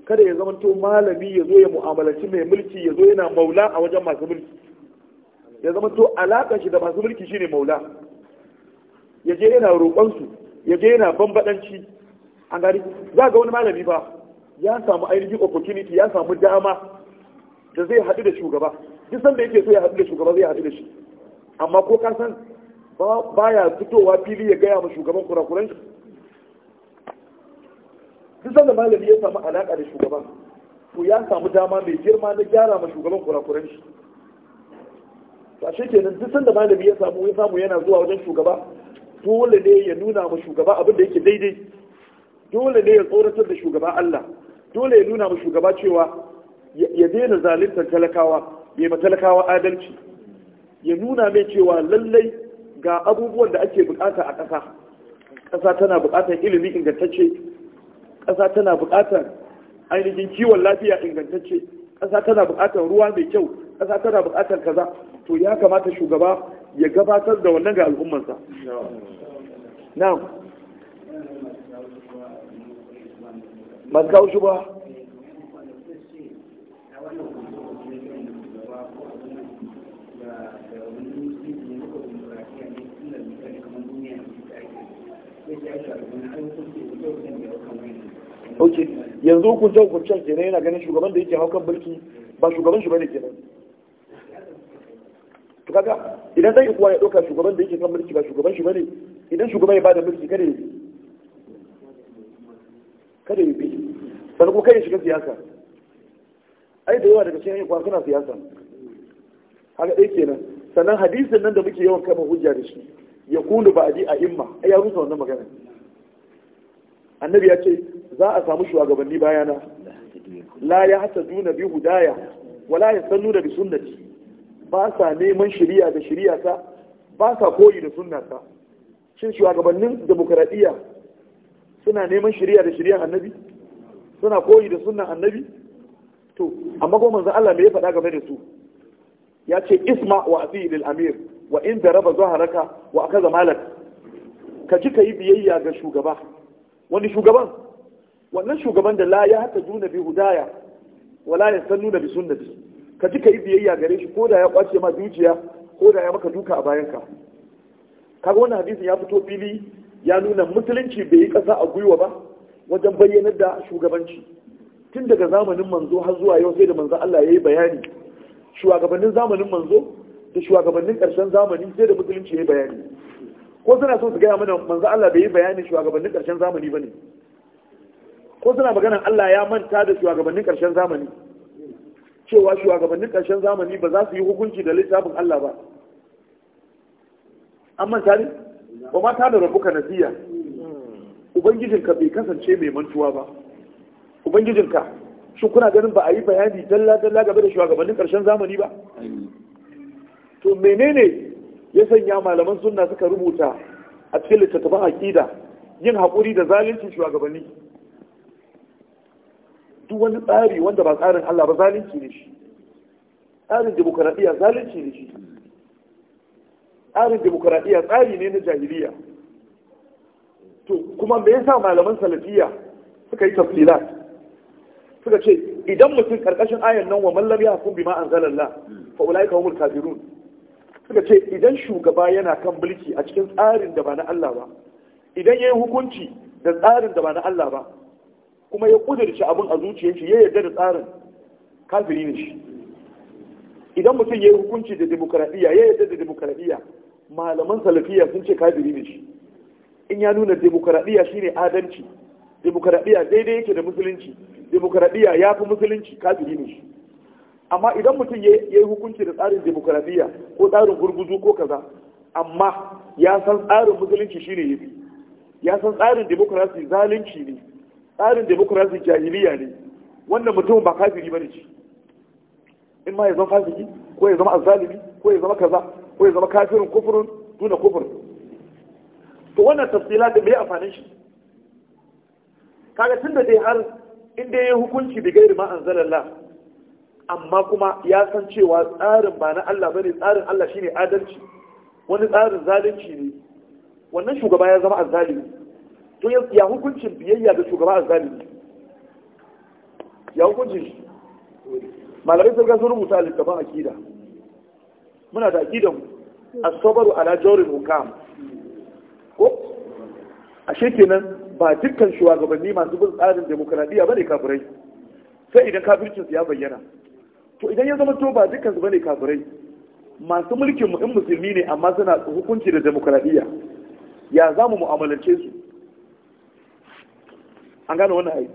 kada ya zama to malami ya zo ya mu'amalaci mai mulki ya zo yana maula a wajen masu mulki ya zama to alaƙa shi da masu mulki shine maula ya je yana roƙonsu ya je yana bambaɗanci a gari za ga wani malami ba ya samu ainihin opportunity ya samu dama da zai haɗu da shugaba duk sanda yake so ya haɗu da shugaba zai haɗu da shi amma ko ka san ya fitowa fili ya gaya ma shugaban kurakuran shi duk sanda malami ya samu alaƙa da shugaba to ya samu dama mai girma na gyara ma shugaban kurakuran shi to ashe kenan duk sanda malami ya samu ya samu yana zuwa wajen shugaba dole ne ya nuna ma shugaba abin da yake daidai dole ne ya tsoratar da shugaba Allah dole ya nuna wa shugaba cewa ya daina zaluntar talakawa mai matalakawa adalci ya nuna mai cewa lallai ga abubuwan da ake bukata a ƙasa ƙasa tana bukatar ilimi ingantacce ƙasa tana bukatar ainihin kiwon lafiya ingantacce ƙasa tana bukatar ruwa mai kyau ƙasa tana bukatar kaza to ya kamata shugaba ya gabatar da wannan ga al'ummarsa na'am ba ka shi ba ok yanzu ku zau ku can kenan yana ganin shugaban da yake haukan mulki ba shugaban shi bane kenan to kaga idan zai kuwa ya ɗauka shugaban da yake kan mulki ba shugaban shi bane idan shugaban ya bada mulki kare kada ya bi sannan kuma shiga siyasa ai da yawa daga cikin yan kwana suna siyasa haka ɗaya kenan sannan hadisin nan da muke yawan kama hujja da shi ya kunu ba a imma ai ya rusa wannan magana annabi ya ce za a samu shugabanni bayana la ya hata duna bi hudaya wala ya sannu da bi sunnati ba sa neman shari'a da shari'a ta ba sa koyi da ta shin shugabannin demokradiyya suna neman shari'a da shari'ar annabi suna koyi da sunnan annabi to amma ko manzon Allah me ya faɗa game da su ya ce isma wa asi lil amir wa in daraba zaharaka wa akaza malak ka ji ka yi biyayya ga shugaba wani shugaban wannan shugaban da la ya haka juna bi hudaya wala ya san nuna bi sunnati ka ji ka yi biyayya gare shi ko da ya kwace ma zuciya, ko da ya maka duka a bayanka kaga wannan hadisin ya fito fili ya nuna musulunci bai yi ƙasa a gwiwa ba wajen bayyanar da shugabanci tun daga zamanin manzo har zuwa yau sai da manzo Allah ya yi bayani shugabannin zamanin manzo da shugabannin ƙarshen zamani sai da musulunci ya yi bayani ko suna so su gaya mana manzo Allah bai yi bayani shugabannin ƙarshen zamani ba ne ko suna maganar Allah ya manta da shugabannin ƙarshen zamani cewa shugabannin ƙarshen zamani ba za su yi hukunci da littafin Allah ba an manta Ba ma ta rabuka na nasiya ubangijinka bai kasance mai mantuwa ba ubangijinka shi kuna ganin ba a yi bayani dalla dalla game da shugabannin karshen zamani ba to menene ya sanya malaman sunna suka rubuta a cikin littattafan aqida yin haƙuri da zalunci shugabanni duk wani tsari wanda ba tsarin Allah ba zalunci ne shi tsarin demokradiya zalunci ne shi tsarin demokuraɗiyya tsari ne na jahiliya to kuma me yasa malaman salafiya suka yi tafsilat suka ce idan mutum karkashin ayan nan wa mallam ya hukun bima anzalallah fa ka humul kafirun suka ce idan shugaba yana kan mulki a cikin tsarin da ba na Allah ba idan yayi hukunci da tsarin da ba na Allah ba kuma ya kudirce abin a zuciyar shi ya yarda da tsarin kafiri ne shi idan mutum yayi hukunci da demokradiya ya yarda da demokradiya malaman salafiya sun ce kafiri ne shi in ya nuna demokaradiyya shine adalci demokaradiyya daidai yake da musulunci demokaradiyya ya fi musulunci kafiri ne shi amma idan mutum ya yi hukunci da tsarin demokaradiyya ko tsarin gurguzu ko kaza amma ya san tsarin musulunci shine yabi ya san tsarin demokarasi zalunci ne tsarin demokarasi jahiliya ne wannan mutum ba kafiri bane shi in ma ya zama fasiki ko ya zama azzalimi ko ya zama kaza ko ya zama kafirin kufurin tuna kufur to wannan tafsila da bai amfanin shi kaga tunda da dai har inda ya hukunci bi gairi ma anzalallah amma kuma ya san cewa tsarin ba na Allah bane tsarin Allah shine adalci wani tsarin zalunci ne wannan shugaba ya zama azzalimi to ya hukuncin biyayya ga shugaba azzalimi ya hukuncin malamai sun ga sun rubuta a littafin akida muna da gidan as ala jawril hukam ko a kenan ba dukkan shugabanni masu bin tsarin demokradiyya bane kafirai sai idan kafircin su ya bayyana to idan ya zama to ba dukkan su bane kafirai masu mulkin mu in musulmi ne amma suna hukunci da demokradiyya ya za mu mu'amalance su an gane wannan ai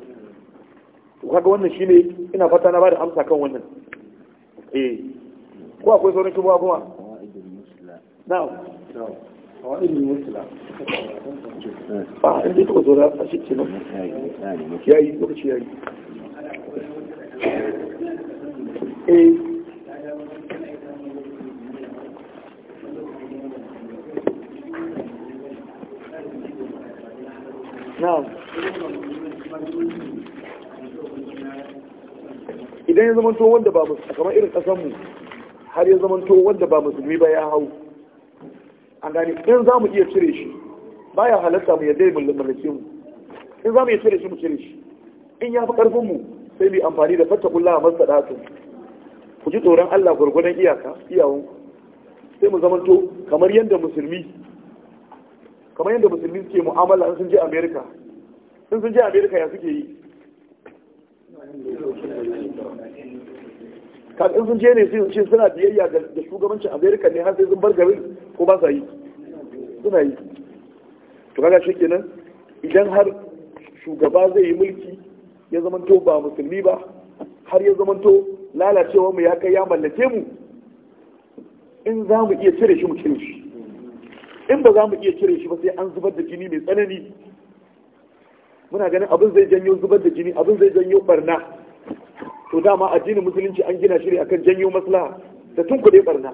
to kaga wannan shine ina fata na bada amsa kan wannan eh ko akwai sauran shubuwa kuma ah, ya da a eh. idan ya zama to wanda ba kamar irin kasanmu har ya zamanto wanda ba musulmi ba ya hau an gani in za mu iya cire shi ba ya halatta mu yadda mu mallake mu in za mu iya cire shi mu cire shi in ya fi karfin mu sai mu amfani da a masa masadatu ku ji tsoron Allah gwargwadon iyaka iyawun sai mu zamanto kamar yadda musulmi kamar yadda musulmi suke mu'amala in sun je Amerika in sun je Amerika ya suke yi kafin sun je ne sun ce suna biyayya da shugabancin amerika ne har sai sun bar garin ko ba sa yi suna yi to kaga shi kenan idan har shugaba zai yi mulki ya zamanto ba musulmi ba har ya zamanto lalacewa mu ya kai ya mallake mu in za mu iya cire shi mu cire shi in ba za mu iya cire shi ba sai an zubar da jini mai tsanani muna ganin abin zai janyo zubar da jini abin zai janyo barna to dama addinin musulunci an gina shi ne akan janyo maslaha da tunkuɗe barna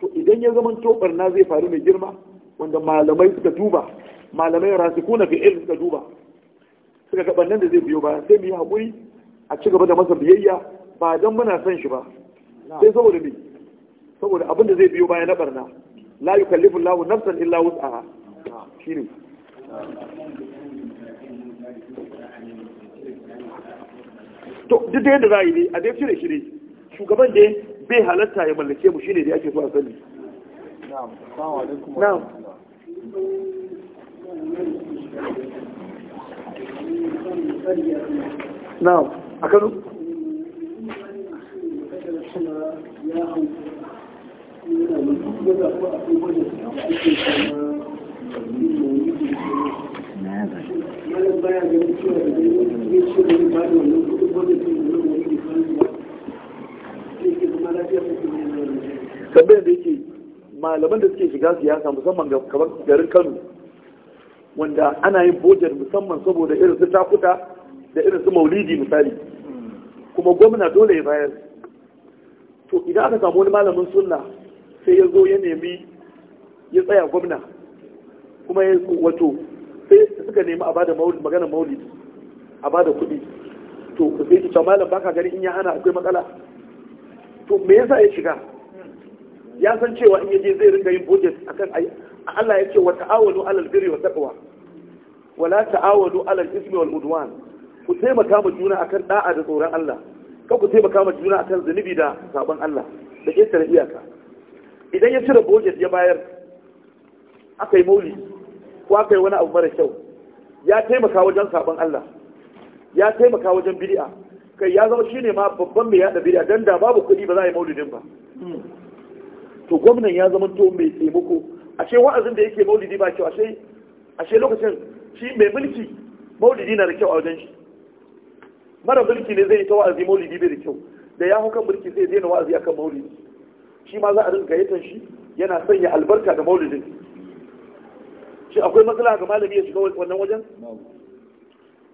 to idan ya zama to barna zai faru mai girma wanda malamai suka duba malamai rasikuna fi ilmi suka duba suka ga bannan da zai biyo ba sai mu yi haƙuri a ci gaba da masa biyayya ba dan muna son shi ba sai saboda me saboda abin da zai biyo baya na barna la yukallifu Allahu nafsan illa wus'aha shine to duk da yadda za a yi ne a dai cire shi shugaban da bai halatta ya mallake mu shine da ake so a sani na'am na'am a kano Thank you. tambayar da yake malaman da suke shiga siyasa musamman ga kamar garin kano wanda ana yin bojar musamman saboda irin su takuta da irin su maulidi misali kuma gwamna dole ya bayar to idan aka samu wani malamin sunna sai ya zo ya nemi ya tsaya gwamna kuma ya wato suka nemi a bada maulid magana maulid a bada kuɗi to sai ki malam baka gani in ya hana akwai matsala to me yasa ya shiga ya san cewa in yaje zai rinka yin budget akan ai Allah ya ce wa ta'awalu alal birri wa taqwa la ta'awalu alal ismi wal udwan ku taimaka ma juna akan da'a da tsoron Allah Ka ku taimaka ma juna akan zunubi da sabon Allah da ƙetare iyaka idan ya cire budget ya bayar aka yi mauli ko aka yi wani abu mara kyau ya taimaka wajen sabon Allah ya taimaka wajen bid'a kai ya zama shine ma babban mai yada bid'a dan da babu kuɗi ba za a yi maulidin ba to gwamnan ya zama to mai taimako ashe wa'azin da yake maulidi ba kyau ashe ce lokacin shi mai mulki maulidi na da kyau a wajen shi mara mulki ne zai yi ta wa'azi maulidi bai da kyau da ya hukan mulki zai daina wa'azi akan maulidi shi ma za a rinka yatan shi yana sanya albarka da maulidin shi akwai matsala ga malami ya shiga wannan wajen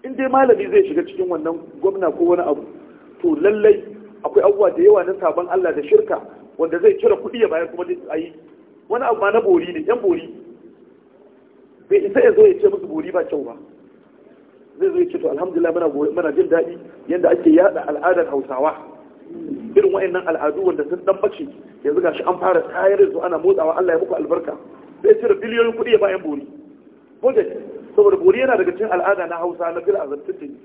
in dai malami zai shiga cikin wannan gwamna ko wani abu to lallai akwai abubuwa da yawa na sabon Allah da shirka wanda zai cire kuɗi ya bayar kuma a yi wani abu ma na bori ne yan bori bai isa ya zo ya ce musu bori ba kyau ba zai zo ya ce to alhamdulillah muna muna jin daɗi yanda ake yada al'adar Hausawa irin wa'annan al'adu wanda sun dan bace yanzu gashi an fara tayar da su ana motsawa Allah ya muku albarka zai cire biliyoyin kuɗi ya ba yan bori da saboda bori yana daga cikin al'ada na hausa na fil azabtin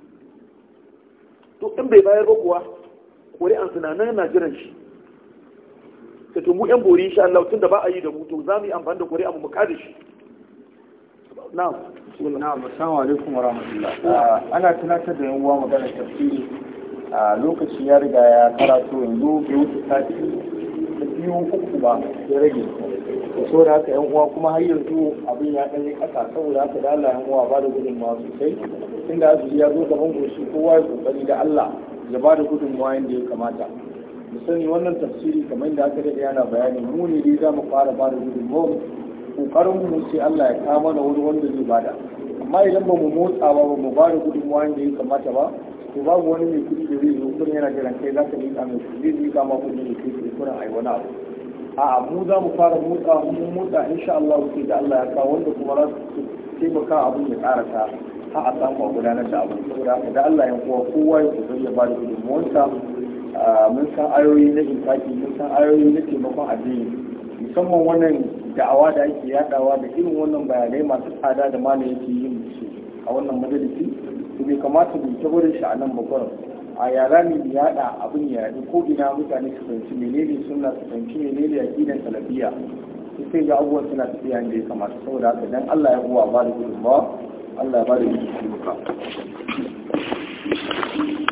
da to in bai bayar ba kuwa bori an sunanan na jiran shi ta tumu yan bori insha Allah tun da ba a yi da mutu za mu yi amfani da kori amma mu kada shi na'am na'am assalamu alaikum wa rahmatullah ah, ana tunatar da yan uwa magana tafsiri a ah, lokaci ya riga ya karatu yanzu bai wuce sati biyu uku ba ya rage da da haka yan uwa kuma har yanzu abin ya ɗan yi ƙasa saboda haka da Allah yan uwa ba da gudun ma sosai inda azumi ya zo gaban goshi kowa ya kokari da Allah ya ba da gudun ma yanda ya kamata mu sani wannan tafsiri kamar da aka daɗe yana bayani mu ne dai za mu fara ba da gudun gudunmawa kokarin mu sai Allah ya kawo mana wani wanda zai bada amma idan ba mu motsa ba ba mu ba da gudun ma yanda ya kamata ba ko babu wani mai kuɗi da zai zo kuma yana jiran kai za ka miƙa mai kuɗi zai miƙa ma kuɗi da kai kuma ai wani abu a mu za mu fara motsa mu motsa insha Allah ku da Allah ya kawo wanda kuma za su taimaka abin ya karata har a samu a gudanar da abin saboda haka da Allah ya kowa kowa ya kusa ya bada gudunmuwarsa mun san ayoyi na infaki mun san ayoyi na taimakon addini musamman wannan da'awa da ake yadawa da irin wannan bayanai masu tsada da malam yake yin a wannan majalisi bai kamata mu ta gurin shi a nan ba a yara ne yada abin ya ko ina mutane su fahimci menene suna su fahimci menene gidan salafiyya sai ga abubuwan suna tafiya da ya kamata saboda haka dan Allah ya huwa ba da gudunmawa Allah ya ba da gudunmawa